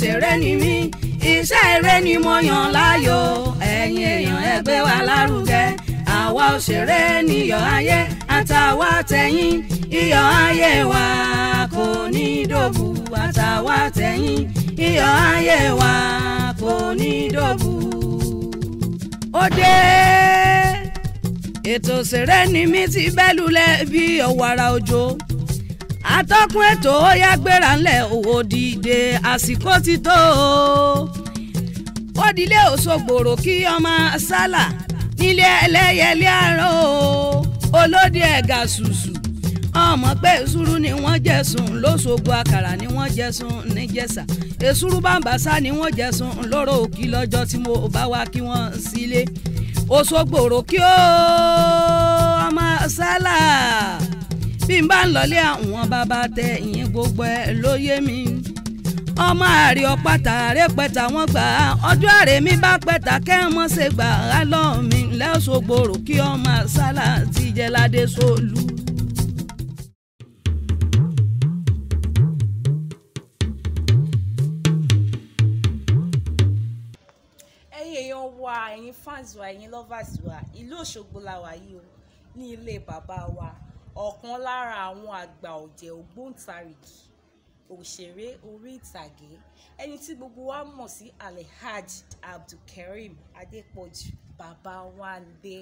ṣeré ni mí iṣẹ́ eré ni mo yàn láàyò ẹ̀yin èèyàn ẹ wa lárugẹ àwa òṣèré níyọ̀ ayé àtàwa tẹ̀yìn iyọ̀ ayé wa kò ní dòbù àtàwa tẹ̀yìn iyọ̀ ayé wa kò ní dòbù. ó ètò òṣèré ni mí ti bẹ́lú lẹ́bi ọ̀wàrà òjò atọ́kùn ètò ó yá gbéra ńlẹ̀ òwò dìde àsìkò ti tó o ó dilé òṣogbòrò kí ọmọ sálà nílé ẹlẹ́yẹlé àárọ̀ o olóde ẹ̀gà ṣùṣù ọmọ pé èsúrú ni wọ́n jẹ̀sùn lóṣogbo àkàrà ni wọ́n jẹ̀sùn níjẹ̀ṣà èsúrú bàǹbàṣà ni wọ́n jẹ̀sùn lóró òkì lọ́jọ́ tí mo bá wá kí wọ́n sílé òṣogbòrò kí ó ọmọ sálà n bá ń lọlé àwọn bàbá tẹ ìyẹn gbogbo ẹ ló mi ọmọ àrè ọ̀pátá àrèpẹ̀tà wọn gbà á ọjọ́ àrè mi bá pẹ̀tà kẹ́hìnmọ́ ṣe gbà á lọ́ọ̀mí lẹ́sọ̀gbòrò kí ọmọ àṣálà ti jẹ́ ládé sólù. ẹ̀yin èèyàn wa ẹ̀yin fans wa ẹ̀yin lovers wa ìlú Òṣogbo la wà yìí o ní ilé bàbá wa ọ̀kan lára àwọn àgbà ọ̀jẹ̀ ògbóǹtarìgì òṣèré orí ìtàgé ẹni tí gbogbo wa mọ̀ sí alhaji abdulkareem adépọ̀jù bàbá wáńdé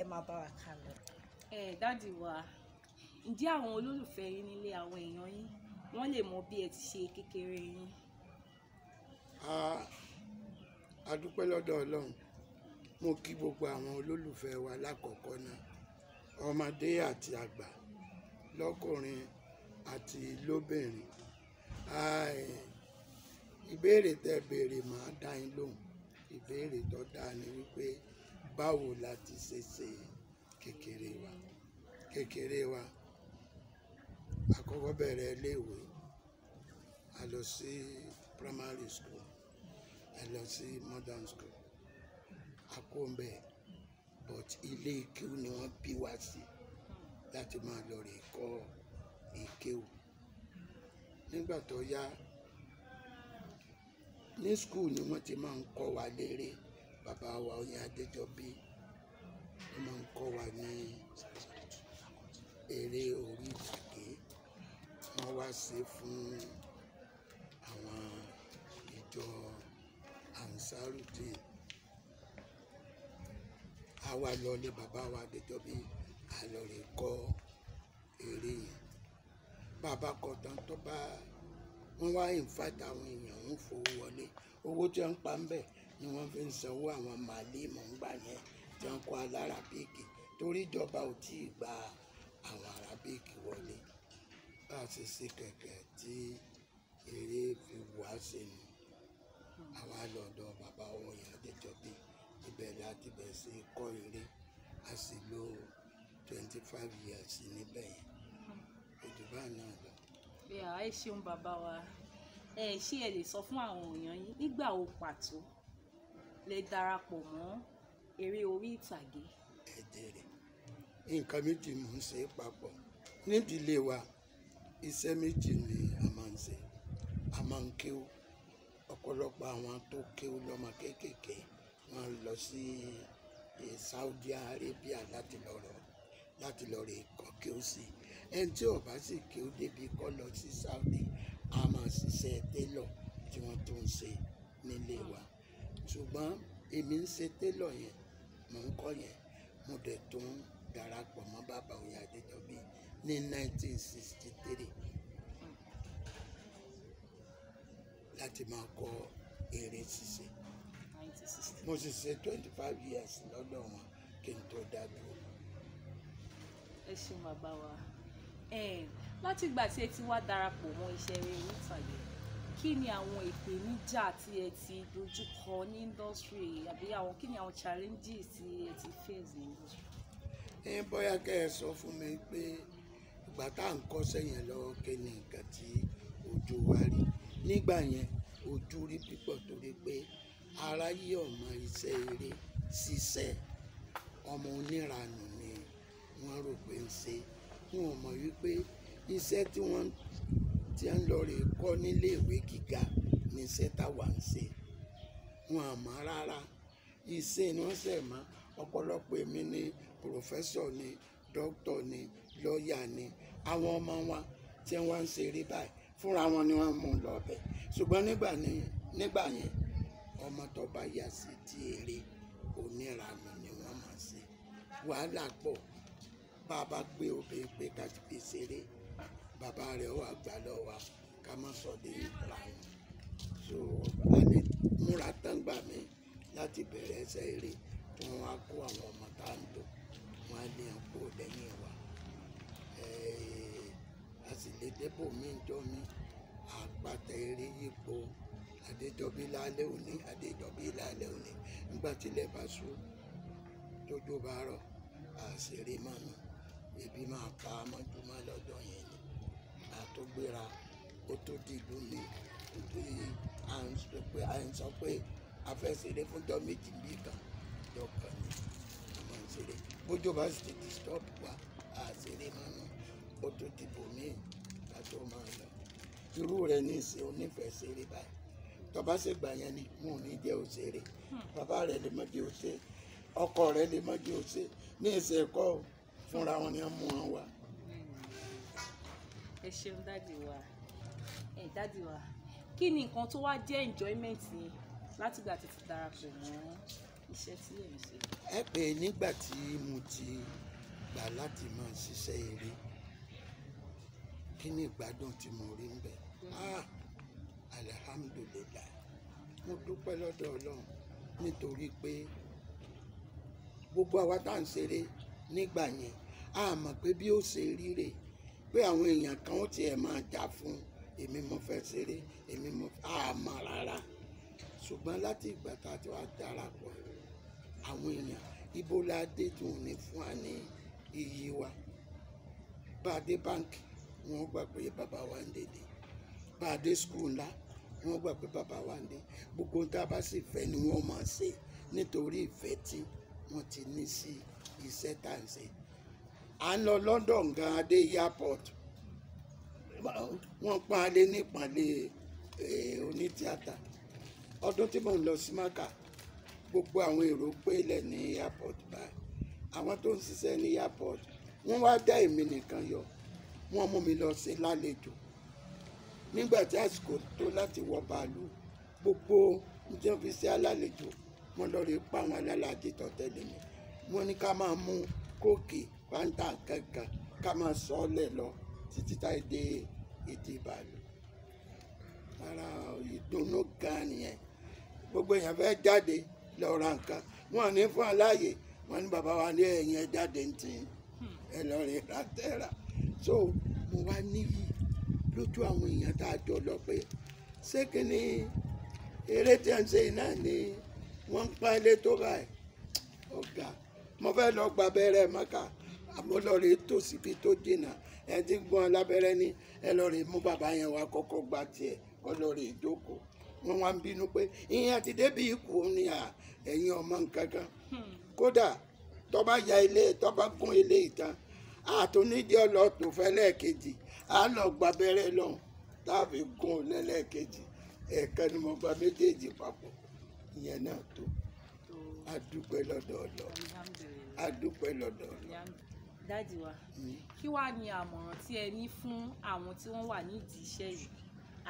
ẹ máa bá wa kà lọ. ẹ dáàdi wa ǹjẹ́ àwọn olólùfẹ́ yín nílé àwọn èèyàn yín wọ́n lè mọ bí ẹ ti ṣe kékeré yín. a dúpẹ́ lọ́dọ̀ ọlọ́run mo kí gbogbo àwọn olólùfẹ́ wa lákọ̀ọ́kọ́ náà ọmọdé àti àgbà lọ́kùnrin àti lóbìnrin ìbéèrè tẹ béèrè màá dá yín lóhùn ìbéèrè tó dáa ni wípé báwo la ti ṣe ṣe kékeré wa kékeré wa àkọ́kọ́ bẹ̀rẹ̀ iléèwé a lọ sí primary school a lọ sí modern school a kó ń bẹ́ẹ̀ but ilé ìkéwù ni wọ́n bí wá sí láti máa lọ rè kọ́ ìkéwù nígbà tó yá ní skul ni wọ́n ti máa ń kọ́ wa léré bàbá wa Oyin Adéjọbí wọ́n máa ń kọ́ wa ní eré orí ìtàgé wọ́n wá ṣe fún àwọn ìjọ ansarudin àwa lọ lé bàbá wa àgbẹjọ bí àlọrẹ kọ eré yẹn bàbá kan tán tó bá wọn wá ìfàtà àwọn èèyàn ń fowó wọlé owó tí wọn ń pa ń bẹ ni wọn fi ń sanwó àwọn màálí mọ̀ngbà yẹn tí wọn kọ alárabíkì torí ìjọba ò tí ì gba àwọn arábíkì wọlé bá a ṣe ṣe kẹ̀kẹ́ tí eré fi wá sínú àwa lọ́dọ̀ bàbá wọn yẹn àdéjọ́ bíi ibẹ̀ la ti bẹ̀ sí kọ́ eré a sì lò twenty five years níbẹ̀ yẹn òjò bá náà lọ. ìyá ẹ ṣeun bàbá wa ẹ ṣé ẹ lè sọ fún àwọn èèyàn yín nígbà wo pàtó lè darapọ̀ mọ́ eré orí ìtàgé. ẹ jèrè nǹkan méjì mò ń ṣe papọ̀ nídìílé wa iṣẹ́ méjì ni a máa ń ṣe a máa ń kéwú ọ̀pọ̀lọpọ̀ àwọn tó kéwú lọ́mọ kéékèèké wọ́n lọ sí e, Saudi Arabia láti lọ rọ láti lọ rè kọ́ kí ó sì ẹni tí ò bá sì kí ó débi kọ́ lọ sí Saudi a máa ṣiṣẹ́ télọ̀ tí wọ́n tó ń ṣe nílé wa ṣùgbọ́n èmi ń ṣe télọ̀ yẹn mò ń kọ́ yẹn mo dẹ̀ tó ń darapọ̀ mọ́ bàbá Oyè Adéjọbí ní 1963 láti máa kọ́ eré ṣíṣe mo sì ṣe twenty five years lọ́dọ̀ wọn kí n tó dá dúró. ẹ ṣeun bàbá wa láti ìgbà tí ẹ ti wá darapọ̀ mọ́ iṣẹ́ eré ìtàgé kí ni àwọn ìpèníjà tí ẹ ti dojú kọ ní industry àbí àwọn kí ni àwọn challenges tí ẹ ti face ní industry. ẹ bóyá kẹ́ ẹ sọ fún mi pé ìgbà tá à ń kọ́ṣẹ́ yẹn lọ́wọ́ kí ni nǹkan tí ojú wa rí nígbà yẹn ojú rí pípọ̀ torí pé aráyé ọmọ iṣẹ́ eré ṣiṣẹ́ ọmọ oníranù ni wọ́n rò pé ń ṣe wọn ò mọ̀ wípé iṣẹ́ tí wọ́n ti ń lọ rè kọ́ níléèwé gíga ní iṣẹ́ táwa ń ṣe wọn à mọ̀ rárá iṣẹ́ ni wọ́n ṣẹ̀ mọ́ ọ̀pọ̀lọpọ̀ èmi ni pòfẹ́sọ̀ ni dókítọ̀ ni lọ́ọ̀yà ni àwọn ọmọ wa tí wọ́n ń ṣeré báyìí fúnra wọn ni wọ́n mú un lọ bẹ̀ ṣùgbọ́n nígbà yẹn ọmọ tó bá yà sí ti èrè oníranù ni wọ́n máa ṣe wàhálà pọ̀ bá a bá gbé obìnrin pé ká fi ṣeré bàbá rẹ̀ wà gbà lọ ká má sọ de ìranù so àmì múra tán gbà mí láti bẹ̀rẹ̀ ẹsẹ̀ eré wọn wá kó àwọn ọmọ tá à ń lò wọn á lé wọn lẹ́yìn wa a sì lè jọ mí àpàtà eré yípo adéjọbí lálẹ́ òní adéjọbí lálẹ́ òní nígbà tílẹ̀ bá ṣú tójú bá rọ̀ àṣírí mọ́nà ebi máa pa mọ́júmọ́ lọ́dọ̀ yẹn ni àtúgbéra ó tó dìlú mi nítorí à ń sọ pé à ń sọ pé a fẹ́ ṣeré fúnjọ́ méjì bí kan lọ́kàn ni a máa ń ṣeré bójú bá sì ti disturb wa àṣírí mọ́nà ó tó dìbò míì ká tó máa lọ irú rẹ̀ ní ìsìn onífẹ̀ẹ́ ṣeré báyìí tọba ṣe gbà yẹn ni mo ní jẹ òṣèré bàbá rẹ lè mọ jẹ òṣèré ọkọ rẹ lè mọ jẹ òṣèré ní ìṣe ẹkọ fúnra wọn ni wọn mú wọn wá. ẹ ṣeun dáàdì wa ẹ dáàdì wa kí ni nǹkan tó wá jẹ́ enjoyment yẹn látìgbà tí ti darapọ̀ mọ́ iṣẹ́ tí ẹ̀ ń ṣe. ẹ pè é nígbà tí mo ti gbà láti máa ṣiṣẹ́ eré kí ni ìgbádùn tí mo rí ń bẹ̀. ah, alihamudulilayi mo dúpẹ́ lọ́dọ̀ ọlọ́run nítorí pé gbogbo àwa tá à ń ṣeré nígbà yẹn a mọ̀ pé bí ó ṣe rí rè pé àwọn èèyàn kan ó tiẹ̀ máa jà fún èmi mo fẹ́ ṣeré èmi mo fẹ́ àmọ́ rárá ṣùgbọ́n láti ìgbà tá a ti wá darapọ̀ àwọn èèyàn ibo la dé tí wọn ní fún wa ní iyì wa bá a dé báńkì wọn gbà pé bàbá wa ń dèdè bá a dé skul ńlá wọ́n gbà pé bàbá wa ń dé gbogbo tá a bá sì fẹ́ ni wọ́n máa ṣe nítorí ìfẹ́ tí wọ́n ti ní sí iṣẹ́ tá à ń ṣe à ń lọ London gan adé airport wọ́n pọ́n adé nípàdé eh, onítíátà ọdún tí mò ń lọ sí maka gbogbo àwọn èrò pélẹ̀ ní airport báyìí àwọn tó ń ṣiṣẹ́ ní airport wọ́n wá dá èmi nìkan yọ wọ́n mú mi lọ sí lálejò nígbà tí àsìkò tó láti wọ bàálù gbogbo njẹ́ fi ṣe alálejò mo lọ rí pa àwọn alálàájì tó tẹ̀lé mi mo ní ká máa mú kóòkì pàǹtà kankan ká máa sọ ọ́ lẹ̀ lọ títí táì dé ètè bàálù ara ìdùnnú gan nìyẹn gbogbo èèyàn fẹ́ jáde lọ ra nǹkan wọn ní fún aláàyè wọn ní bàbá wa ní ẹ̀yìn ẹ̀ jáde ń tì hmm. ẹ lọ rí ra tẹ́ra so mo wá níyì lójú àwọn èèyàn tá a jọ lọ pé ṣé kí ni eré tí ń ṣe náà ni wọ́n ń pa ilé tó báyìí ọ̀gá mo fẹ́ lọ gba abẹ́rẹ́ mọ́kà àmọ́ tó síbi tó jìnnà ẹ ti gbọ́n lábẹ́rẹ́ ní ẹ lọ́ọ̀rẹ́ mú bàbá yẹn wá kọ́kọ́ gba tiẹ̀ kọ́ ìjókòó wọn wá ń bínú pé ìyẹn àti á lọ gba abẹ́rẹ́ náà tá a fi gún un lẹ́lẹ́kejì ẹ̀ẹ̀kan ni mo gba méjèèjì papọ̀ ìyẹn náà tó adúpẹ́ lọ́dọọdọ̀ adúpẹ́ lọ́dọọdọ̀. dáàdì wa hmm. kí wàá ní àmọ̀ràn tí ẹ ní fún àwọn tí wọ́n wà nídìí iṣẹ́ yìí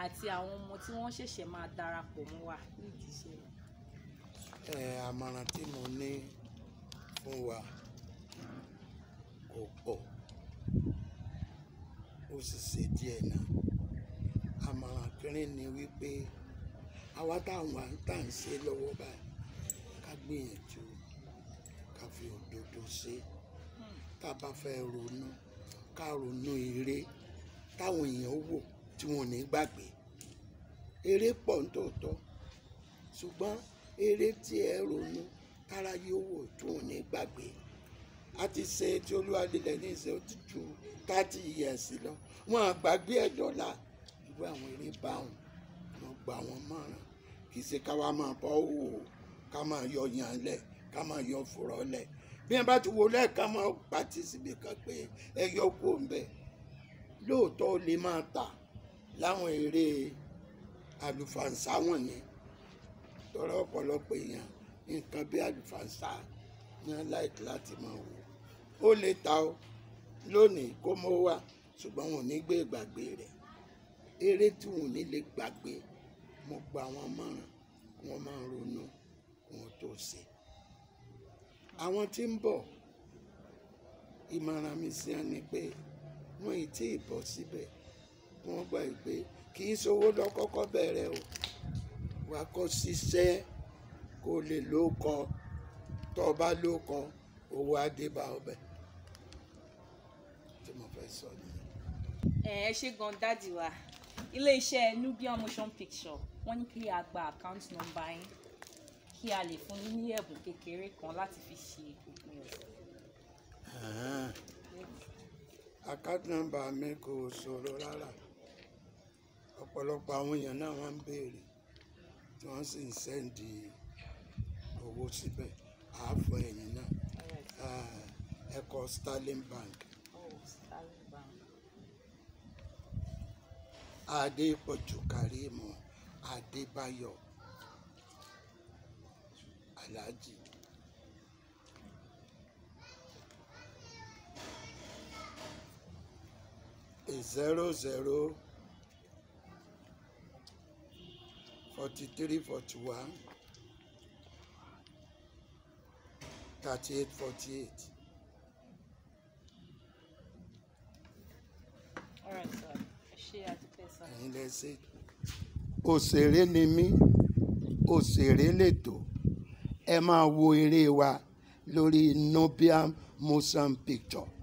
àti àwọn ọmọ tí wọ́n ṣẹ̀ṣẹ̀ máa darapọ̀ mọ́ wa nídìí iṣẹ́ yìí. ẹ àmọ̀ràn tí mo ní fún wa kò pọ̀ ó sì ṣe díẹ̀ náà àmọ̀ràn kìnrin ni wípé àwa táwọn tá à ń ṣe lọ́wọ́ báyìí ká gbìyànjú ká fi òdodo ṣe tá a bá fẹ́ ronú ká ronú eré táwọn èèyàn wò tí wọn ò ní gbàgbé eré pọ̀ nítòótọ́ ṣùgbọ́n eré tí ẹ ronú tára yóò wò tí wọn ò ní gbàgbé a ti ṣe tí olúwa nílẹ̀ ní ìṣe ó ti ju thirty years lọ wọn àgbàgbé ẹ̀ la, irú àwọn eré báwọn wọn gba wọn mọ̀ràn kì í ṣe ká wá máa bọ́ wò ó ká máa yọ yàn lẹ̀ ká máa yọ fúrọ́ lẹ̀ bí wọn bá ti wo lẹ́ẹ̀kan máa pàtí síbi kan pé ẹ yọ kó ń bẹ̀ lóòótọ́ ó lè máa tà láwọn eré àlùfànṣá wọ̀nyẹn tọrọ ọ̀pọ̀lọpọ̀ èèyàn nǹkan bí àlùfànṣá ní láìkí láti máa wò ó lè ta o lónìí kó mọ́ wá ṣùgbọ́n wọn ò ní gbé ìgbàgbé rẹ̀ eré tí wọn ò ní lè gbàgbé mo gba àwọn mọ̀ràn wọn máa ń ronú wọn tó ṣe àwọn tí ń bọ̀ ìmọ̀ràn mi sí ẹ ni pé wọn ì tí ì bọ̀ síbẹ̀ wọn gbà pé kì í ṣowó lọ bẹ̀rẹ̀ o wàá kọ́ ṣiṣẹ́ kó lè lóko tó lóko owó adébá ọbẹ̀ tí mo fẹ́ sọ nìyẹn. ẹ ẹ ṣe gan dáàdì wa iléeṣẹ́ nubian motion picture wọ́n ní kí a gba account number yín kí a lè fún yín ní ẹ̀bùn kékeré kan láti fi ṣe òpin ọ̀sẹ̀. account number mi kò ṣòro rárá ọ̀pọ̀lọpọ̀ àwọn èèyàn náà wọ́n ń béèrè tí wọ́n sì ń sẹ́ǹdì owó síbẹ̀ àáfọ̀ ẹ̀yìn náà. Ah, ẹ̀kọ́ Sterling Bank. Oh, Sterling Bank. Adépọ̀jù Kàrímù zero zero forty three forty one thirty eight forty eight. ẹ̀yin lẹ ṣe òṣèré ni mí òṣèré lẹ́tọ̀ ẹ máa wo eré wa lórí Nubian motion picture.